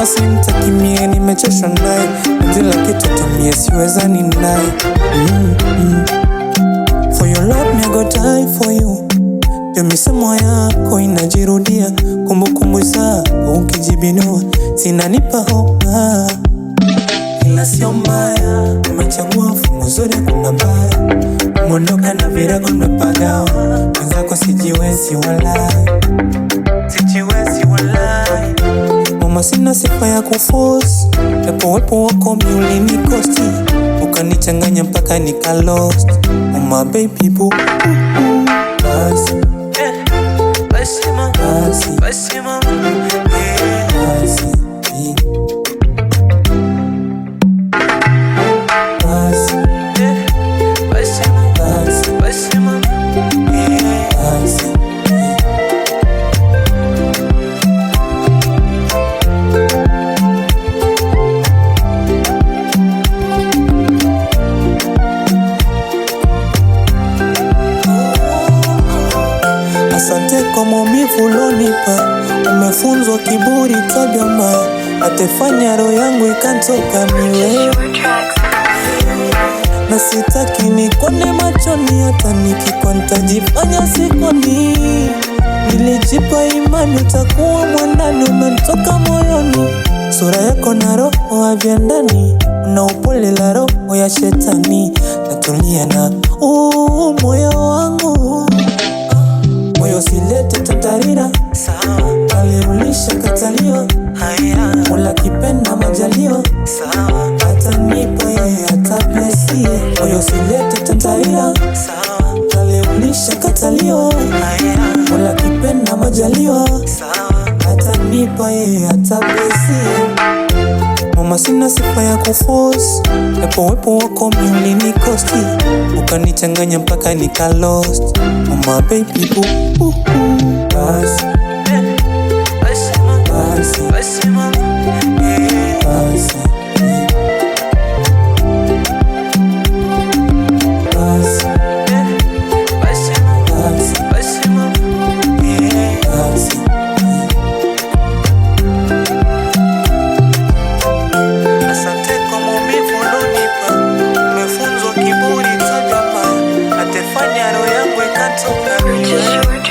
basi mtakimie, mie, nimechoshwa naye jila kitu tumie, siwezani naye mm, mm For your love me go die for you, yo, misemo yako inajirudia, kumbukumbu zako ukijibinua zinanipa hopa, ila sio mbaya, umechagua fungu zuri, kuna mbaya mondoka na virago na pagawa wenzako, sijiwezi walai, sijiwezi walai kama sina sifa ya kufos japo uwepo wako ulinikosti, ukanichanganya mpaka nika lost. Oh my Asante kwa maumivu ulionipa, umefunzwa kiburi tabia mbaya, atefanya roho yangu ikatoka miwe, na sitaki nikuone machoni, hata nikikuwa nitajifanya sikoni. Nilijipa imani utakuwa mwandani, umenitoka moyoni, sura yako na roho ndani, na upole la roho ya shetani, natulia na uu moyo wangu usilete tatarira, aliulisha kataliwa, mula kipenda majaliwa, hata atanipa yeye atapesie, moyo usilete tatarira, aliulisha kataliwa, mula kipenda majaliwa, hata atanipa yeye atapesie Mama, sina sifa ya kuforce, napo wepo wako mimi ulinikosti, ukanichanganya mpaka nika lost. my baby. Ooh, ooh, ooh. Nice. Nice. control everywhere.